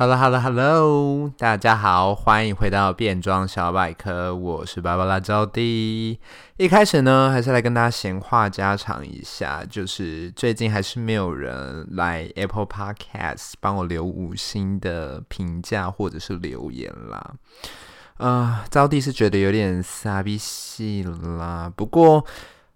Hello，Hello，Hello，hello, hello. 大家好，歡迎回到變裝小百科，我是芭芭拉招弟。一開始呢，還是來跟大家閒話家常一下，就是最近還是沒有人來 Apple Podcast 幫我留五星的評價或者是留言啦。呃，招弟是覺得有點傻逼戲啦，不過，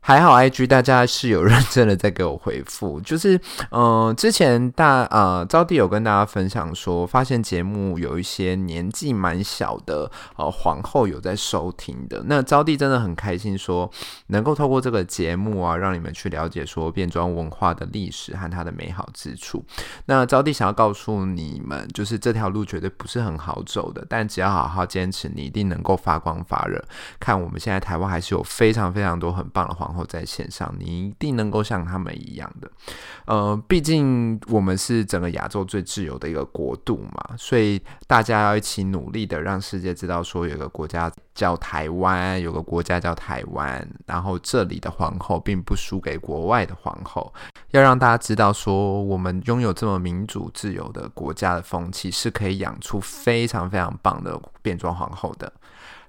還好，I G 大家是有認真的在給我回復，就是，嗯、呃，之前大呃，招弟有跟大家分享說，發現節目有一些年紀蠻小的呃皇後有在收聽的，那招弟真的很開心說，說能夠透過這個節目啊，讓你們去了解說變裝文化的歷史和它的美好之處。那招弟想要告訴你們，就是這條路絕對不是很好走的，但只要好好堅持，你一定能夠發光發熱。看我們現在台灣還是有非常非常多很棒的皇後。後在線上，你一定能夠像他們一樣的，呃，畢竟我們是整個亞洲最自由的一個國度嘛，所以大家要一起努力的，讓世界知道說有個國家叫台灣，有個國家叫台灣。然後這裡的皇后並不輸給國外的皇後，要讓大家知道說，我們擁有這麼民主自由的國家的風氣，是可以養出非常非常棒的變裝皇後的。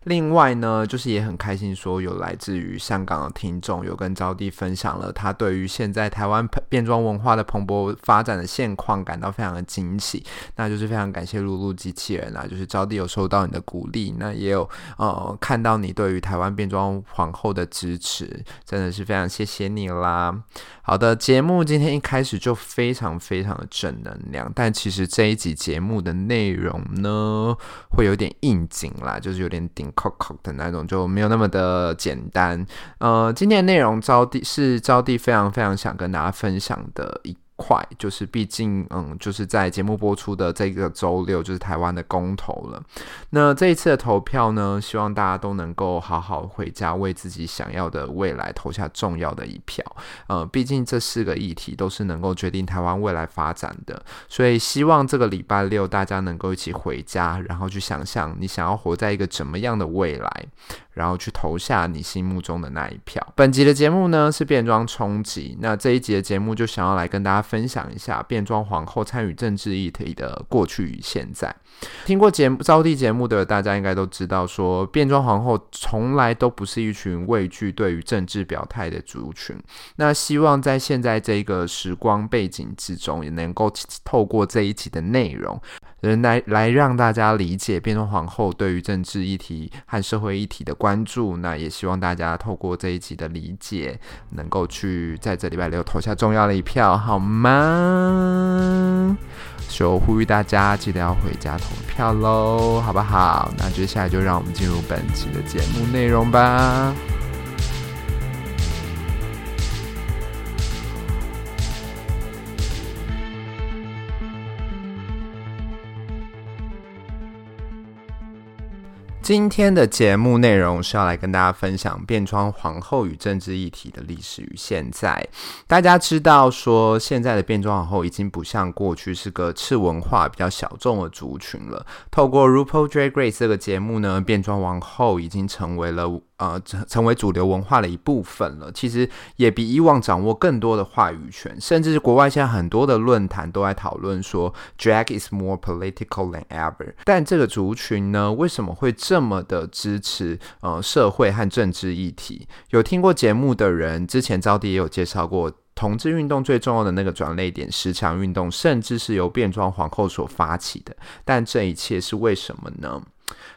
另外呢，就是也很開心說有來自於香港的聽眾有跟招弟分享了他對於現在台灣變裝文化的蓬勃發展的現況感到非常的驚喜。那就是非常感謝露露機器人啊，就是招弟有收到你的鼓勵，那也有呃看到你對於台灣變裝皇後的支持，真的是非常謝謝你啦。好的，節目今天一開始就非常非常的正能量，但其實這一集節目的內容呢會有點應景啦，就是有點頂。Coco 的那種就沒有那麼的簡單。呃，今天的內容招弟是招弟非常非常想跟大家分享的一。快，就是畢竟，嗯，就是在節目播出的這個周六，就是台灣的公投了。那這一次的投票呢，希望大家都能夠好好回家，為自己想要的未來投下重要的一票。嗯，畢竟這四個議題都是能夠決定台灣未來發展的，所以希望這個禮拜六大家能夠一起回家，然後去想象你想要活在一個怎麼樣的未來，然後去投下你心目中的那一票。本集的節目呢，是變裝衝擊，那這一集的節目就想要來跟大家分享。分享一下變裝皇后參與政治議題的過去與現在。聽過節目招弟節目的大家應該都知道說，說變裝皇后從來都不是一群畏懼對於政治表態的族群。那希望在現在這個時光背景之中，也能夠透過這一集的內容。來來讓大家理解，變裝皇後對於政治議題和社會議題的關注。那也希望大家透過這一集的理解，能夠去在這禮拜六投下重要的一票，好嗎？所以我呼籲大家記得要回家投票嘍，好不好？那接下來就讓我們進入本期的節目內容吧。今天的節目內容是要來跟大家分享變裝皇后與政治議題的歷史與現在。大家知道說，現在的變裝皇后已經不像過去是個次文化比較小眾的族群了。透過 RuPaul's Drag Race 這個節目呢，變裝皇后已經成為了。呃，成成為主流文化的一部分了。其實也比以往掌握更多的話語權，甚至是國外現在很多的論壇都在討論說，Drag is more political than ever。但這個族群呢，為什麼會這麼的支持，呃，社會和政治議題？有聽過節目的人，之前招弟也有介紹過，同志運動最重要的那個轉捩點——石牆運動，甚至是由變裝皇後所發起的。但這一切是為什麼呢？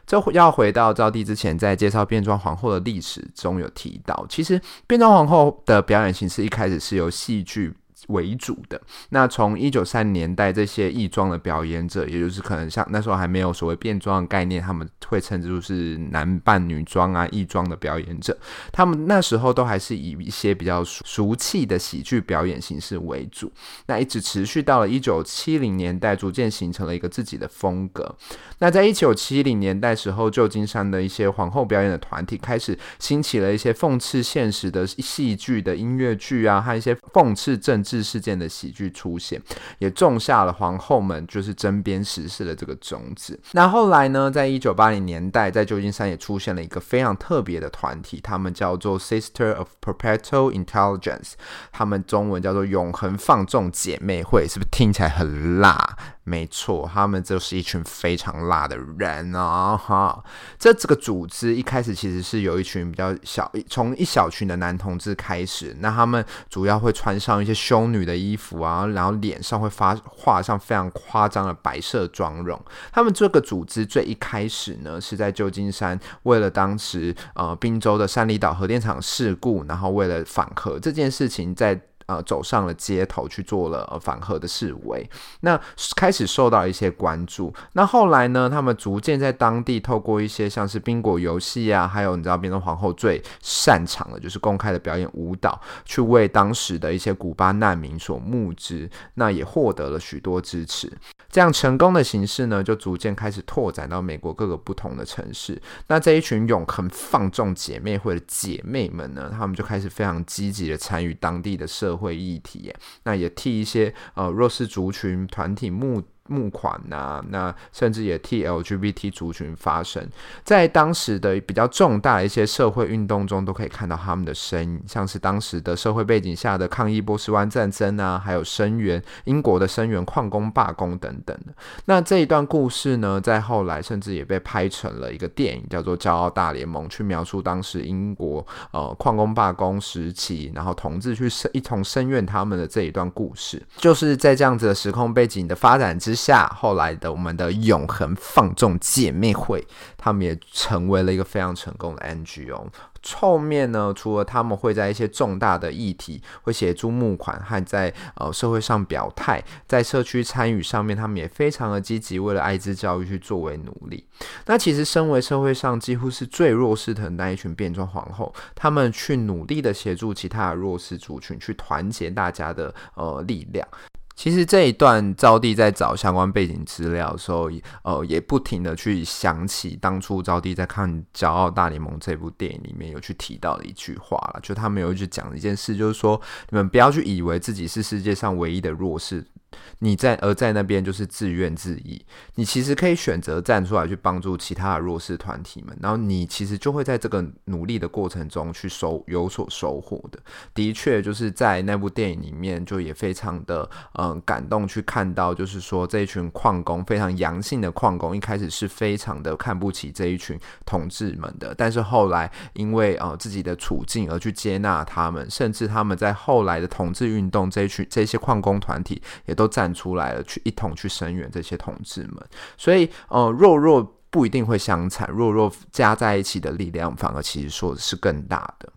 這要回到招弟之前在介紹變裝皇後的歷史中有提到，其實變裝皇後的表演形式一開始是由戲劇為主的。那從一九三零年代，這些異裝的表演者，也就是可能像那時候還沒有所謂變裝的概念，他們會稱之為是男扮女裝啊，異裝的表演者，他們那時候都還是以一些比較俗氣的喜劇表演形式為主。那一直持續到了一九七零年代，逐漸形成了一個自己的風格。那在一九七零年代時候，舊金山的一些皇後表演的團體開始興起了一些諷刺現實的戲劇的音樂劇啊，和一些諷刺政治事件的喜劇出現，也種下了皇後們就是針砭時事的這個種子。那後來呢，在一九八零年代，在舊金山也出現了一個非常特別的團體，他們叫做 Sister of Perpetual Intelligence，他們中文叫做永恆放縱姐妹會，是不是聽起來很辣？沒錯，他們就是一群非常辣。辣的人啊、哦，哈，這這個組織一開始其實是有一群比較小，一從一小群的男同志開始，那他們主要會穿上一些修女的衣服啊，然後臉上會發畫上非常誇張的白色妝容。他們這個組織最一開始呢，是在舊金山，為了當時呃賓州的三哩島核電廠事故，然後為了反核這件事情在。呃，走上了街頭去做了、呃、反核的示威，那開始受到一些關注。那後來呢，他們逐漸在當地透過一些像是賓果遊戲啊，還有你知道，變裝皇后最擅長的就是公開的表演舞蹈，去為當時的一些古巴難民所募資。那也獲得了許多支持。這樣成功的形式呢，就逐漸開始拓展到美國各個不同的城市。那這一群永恆放縱姐妹會的姐妹們呢，她們就開始非常積極的參與當地的社會。會議體驗，那也替一些呃弱勢族群團體目募款吶，啊，那甚至也替 LGBT 族群發聲，在當時的比較重大的一些社會運動中，都可以看到他們的身影，像是當時的社會背景下的抗議波斯灣戰爭啊，還有聲援英國的聲援礦工罷工等等。那這一段故事呢，在後來甚至也被拍成了一個電影，叫做《驕傲大聯盟》，去描述當時英國呃礦工罷工時期，然後同志去一同聲援他們的這一段故事，就是在這樣子的時空背景的發展之下。下後來的我們的永恆放縱姐妹會，他們也成為了一個非常成功的 NGO 哦。後面呢，除了他們會在一些重大的議題會協助募款和在呃社會上表態，在社區參與上面，他們也非常的積極，為了艾滋教育去作為努力。那其實，身為社會上幾乎是最弱勢的那一群變裝皇後，他們去努力的協助其他的弱勢族群，去團結大家的呃力量。其實這一段，招弟在找相關背景資料的時候，呃，也不停的去想起當初招弟在看《驕傲大聯盟》這部電影裡面有去提到的一句話了，就他們有去講一件事，就是說你們不要去以為自己是世界上唯一的弱勢。你在而在那邊就是自怨自艾。你其實可以選擇站出來去幫助其他的弱勢團體們，然後你其實就會在這個努力的過程中去收有所收穫的。的確，就是在那部電影裡面就也非常的嗯感動，去看到就是說這一群礦工非常陽性的礦工，一開始是非常的看不起這一群同志們的，的但是後來因為呃自己的處境而去接納他們，甚至他們在後來的同志運動這一群這一些礦工團體也。都站出來了，去一同去聲援這些同志們。所以，呃，弱弱不一定會相殘，弱弱加在一起的力量，反而其實說的是更大的。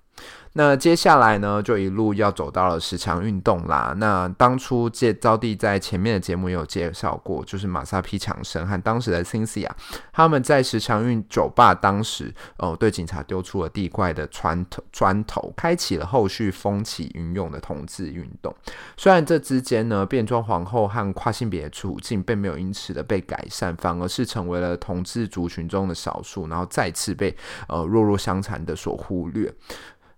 那接下來呢，就一路要走到了石牆運動啦。那當初借招弟在前面的節目也有介紹過，就是瑪莎 P 強生和當時的 Cindy 啊，他們在石牆運酒吧當時哦、呃、對警察丟出了地塊的磚頭，磚頭開啟了後續風起雲湧的同志運動。雖然這之間呢，變裝皇後和跨性別處境並沒有因此的被改善，反而是成為了同志族群中的少數，然後再次被呃弱弱相殘的所忽略。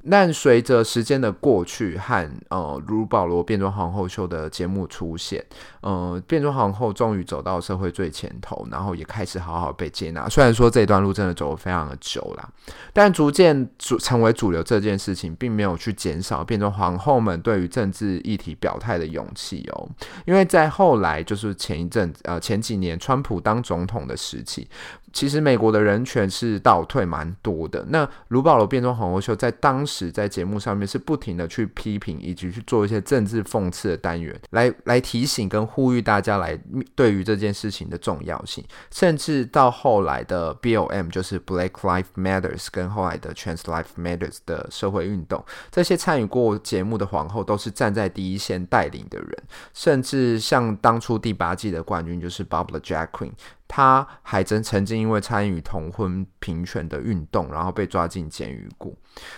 但隨着時間的過去和呃，魯保羅變裝皇后秀的節目出現，呃，變裝皇后終於走到社會最前頭，然後也開始好好被接納。雖然說這段路真的走了非常的久啦，但逐漸主成為主流這件事情，並沒有去減少變裝皇後們對於政治議題表態的勇氣哦。因為在後來就是前一陣呃前幾年，川普當總統的時期，其實美國的人權是倒退蠻多的。那魯保羅變裝皇后秀在當時。是在節目上面是不停的去批評以及去做一些政治諷刺的單元，來來提醒跟呼籲大家來對於這件事情的重要性，甚至到後來的 BLM 就是 Black Lives Matters 跟後來的 Trans Lives Matters 的社會運動，這些參與過節目的皇後都是站在第一線帶領的人，甚至像當初第八季的冠軍就是 Bob the Drag Queen。他還曾曾經因為參與同婚平權的運動，然後被抓進監獄過。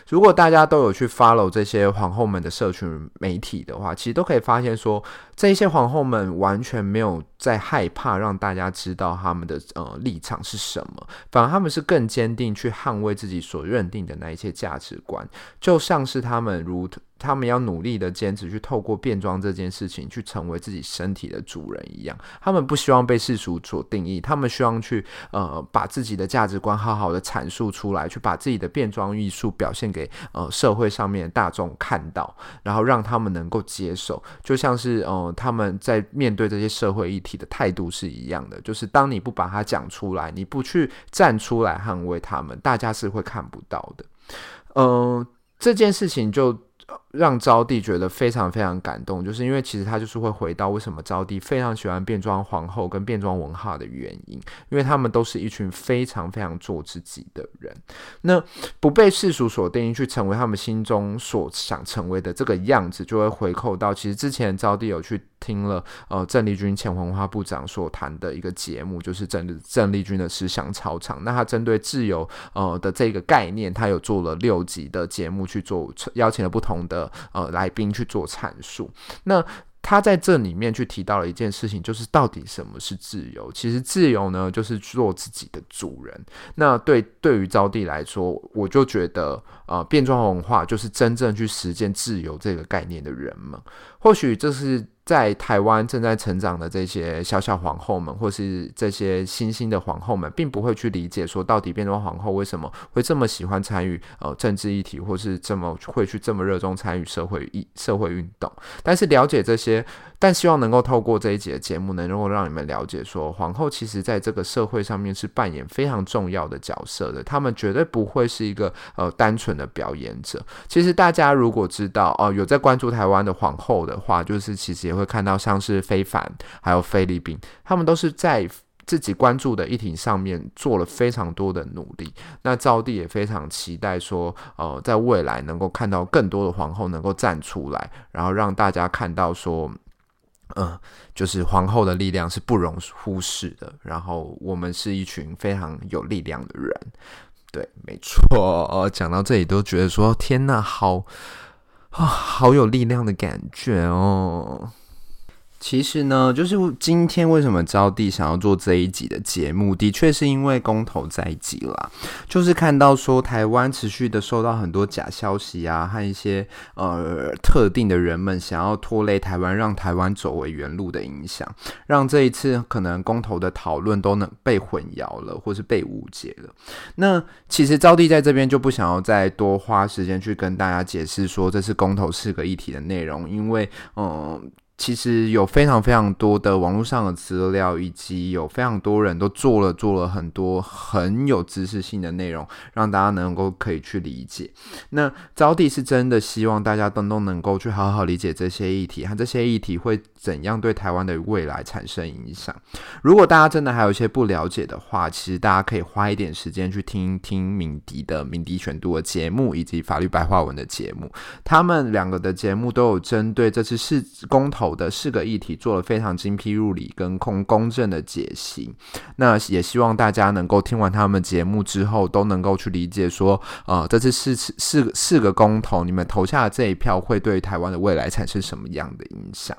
如果大家都有去 follow 這些皇後們的社群媒體的話，其實都可以發現說，這一些皇後們完全沒有在害怕讓大家知道他們的呃立場是什麼，反而他們是更堅定去捍衛自己所認定的那一些價值觀，就像是他們如。他們要努力的堅持，去透過變裝這件事情，去成為自己身體的主人一樣。他們不希望被世俗所定義，他們希望去呃，把自己的價值觀好好的闡述出來，去把自己的變裝藝術表現給呃社會上面的大眾看到，然後讓他們能夠接受。就像是哦、呃，他們在面對這些社會議題的態度是一樣的，就是當你不把它講出來，你不去站出來捍衛他們，大家是會看不到的。嗯、呃，這件事情就。讓招弟覺得非常非常感動，就是因為其實他就是會回到為什麼招弟非常喜歡變裝皇後跟變裝文化的原因，因為他們都是一群非常非常做自己的人，那不被世俗所定義，去成為他們心中所想成為的這個樣子，就會回扣到其實之前招弟有去聽了呃鄭麗君前文化部長所談的一個節目，就是鄭鄭麗君的思想操場，那他針對自由呃的這個概念，他有做了六集的節目去做邀請了不同的。呃，來賓去做闡述。那他在這裡面去提到了一件事情，就是到底什麼是自由？其實自由呢，就是做自己的主人。那對對於招弟來說，我就覺得，呃，變裝文化就是真正去實踐自由這個概念的人們，或許這是。在台灣正在成長的這些小小皇後們，或是這些新興的皇後們，並不會去理解說，到底變裝皇后為什麼會這麼喜歡參與呃政治議題，或是這麼會去這麼熱衷參與社會議社會運動。但是了解這些。但希望能夠透過這一集的節目，能夠讓你們了解，說皇後其實在這個社會上面是扮演非常重要的角色的。他們絕對不會是一個呃單純的表演者。其實大家如果知道哦、呃，有在關注台灣的皇後的話，就是其實也會看到像是非凡，還有菲律賓，他們都是在自己關注的議題上面做了非常多的努力。那招弟也非常期待說，呃，在未來能夠看到更多的皇后能夠站出來，然後讓大家看到說。嗯，就是皇後的力量是不容忽視的。然後我們是一群非常有力量的人，對，沒錯。講到這裡都覺得說，天吶，好啊，好有力量的感覺哦。其實呢，就是今天為什麼招弟想要做這一集的節目，的確是因為公投在即啦。就是看到說台灣持續的受到很多假消息啊，和一些呃特定的人們想要拖累台灣，讓台灣走回原路的影響，讓這一次可能公投的討論都能被混淆了，或是被誤解了。那其實招弟在這邊就不想要再多花時間去跟大家解釋說這是公投四個議題的內容，因為嗯。呃其實有非常非常多的網絡上的資料，以及有非常多人都做了做了很多很有知識性的內容，讓大家能夠可以去理解。那招弟是真的希望大家都能能夠去好好理解這些議題，和這些議題會怎樣對台灣的未來產生影響。如果大家真的還有一些不了解的話，其實大家可以花一點時間去聽聽敏迪的敏迪選讀的節目，以及法律白話文的節目。他們兩個的節目都有針對這次是公投。有的四個議題做了非常精闢入理跟公公正的解析，那也希望大家能夠聽完他們節目之後，都能夠去理解說，啊、呃，這次四四四個公投，你們投下的這一票會對台灣的未來產生什麼樣的影響？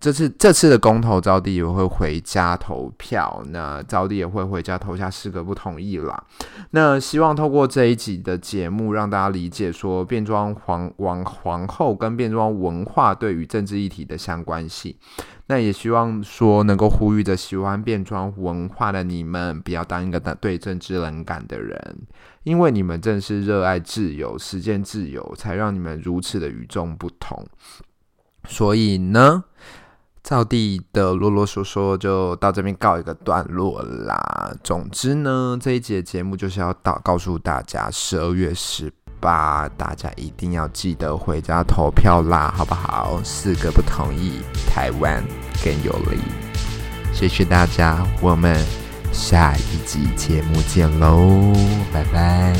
這次這次的公投，招弟也會回家投票。那招弟也會回家投下四個不同意啦。那希望透過這一集的節目，讓大家理解說，變裝皇王皇，皇後跟變裝文化對於政治議題的相關性。那也希望說能夠呼籲着喜歡變裝文化的你們，不要當一個對政治冷感的人，因為你們正是熱愛自由、實踐自由，才讓你們如此的與眾不同。所以呢，招弟的囉囉嗦嗦就到這邊告一個段落啦。總之呢，這一集的節目就是要到告訴大家，十二月十八，大家一定要記得回家投票啦，好不好？四個不同意，台灣更有利。謝謝大家，我們下一集節目見嘍，拜拜。